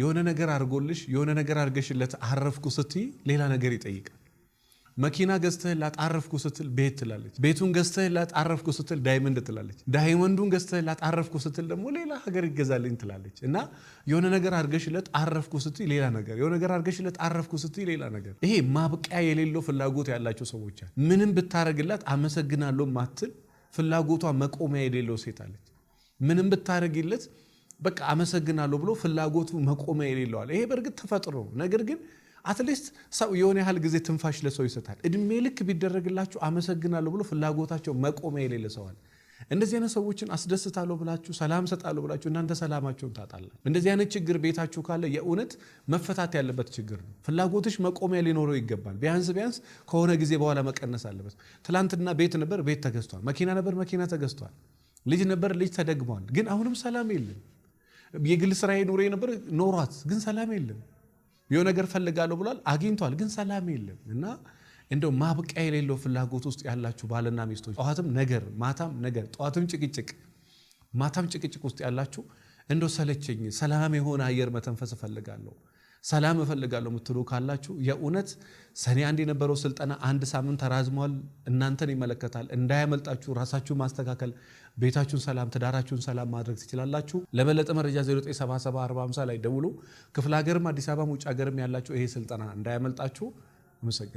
የሆነ ነገር አድርጎልሽ የሆነ ነገር አድርገሽለት አረፍኩ ስትይ ሌላ ነገር ይጠይቃል። መኪና ገዝተህላት አረፍኩ ስትል ቤት ትላለች። ቤቱን ገዝተህላት አረፍኩ ስትል ዳይመንድ ትላለች። ዳይመንዱን ገዝተህላት አረፍኩ ስትል ደግሞ ሌላ ሀገር ይገዛልኝ ትላለች። እና የሆነ ነገር አድርገሽለት አረፍኩ ስትይ ሌላ ነገር፣ የሆነ ነገር አድርገሽለት አረፍኩ ስትይ ሌላ ነገር። ይሄ ማብቂያ የሌለው ፍላጎት ያላቸው ሰዎች አሉ። ምንም ብታረግላት አመሰግናለሁ ማትል ፍላጎቷ መቆሚያ የሌለው ሴት አለች። ምንም ብታረግለት በቃ አመሰግናለሁ ብሎ ፍላጎቱ መቆሚያ የሌለዋል። ይሄ በእርግጥ ተፈጥሮ ነው። ነገር ግን አትሊስት ሰው የሆነ ያህል ጊዜ ትንፋሽ ለሰው ይሰጣል። እድሜ ልክ ቢደረግላችሁ አመሰግናለሁ ብሎ ፍላጎታቸው መቆሚያ የሌለ ሰዋል። እንደዚህ አይነት ሰዎችን አስደስታለሁ ብላችሁ ሰላም ሰጣለሁ ብላችሁ እናንተ ሰላማቸውን ታጣላችሁ። እንደዚህ አይነት ችግር ቤታችሁ ካለ የእውነት መፈታት ያለበት ችግር ነው። ፍላጎትሽ መቆሚያ ሊኖረው ይገባል። ቢያንስ ቢያንስ ከሆነ ጊዜ በኋላ መቀነስ አለበት። ትላንትና ቤት ነበር፣ ቤት ተገዝቷል። መኪና ነበር፣ መኪና ተገዝቷል። ልጅ ነበር፣ ልጅ ተደግሟል። ግን አሁንም ሰላም የለም። የግል ስራ ኖሮ የነበር ኖሯት ግን ሰላም የለም። የሆነ ነገር ፈልጋለሁ ብሏል አግኝቷል፣ ግን ሰላም የለም እና እንደው ማብቂያ የሌለው ፍላጎት ውስጥ ያላችሁ ባልና ሚስቶች ጠዋትም ነገር ማታም ነገር ጠዋትም ጭቅጭቅ ማታም ጭቅጭቅ ውስጥ ያላችሁ እንደው ሰለቸኝ ሰላም የሆነ አየር መተንፈስ እፈልጋለሁ ሰላም እፈልጋለሁ የምትሉ ካላችሁ የእውነት ሰኔ አንድ የነበረው ስልጠና አንድ ሳምንት ተራዝሟል። እናንተን ይመለከታል። እንዳያመልጣችሁ ራሳችሁን ማስተካከል፣ ቤታችሁን ሰላም፣ ትዳራችሁን ሰላም ማድረግ ትችላላችሁ። ለበለጠ መረጃ 0977 ላይ ደውሉ። ክፍለ ሀገርም አዲስ አበባም ውጭ ሀገርም ያላችሁ ይሄ ስልጠና እንዳያመልጣችሁ። አመሰግናለሁ።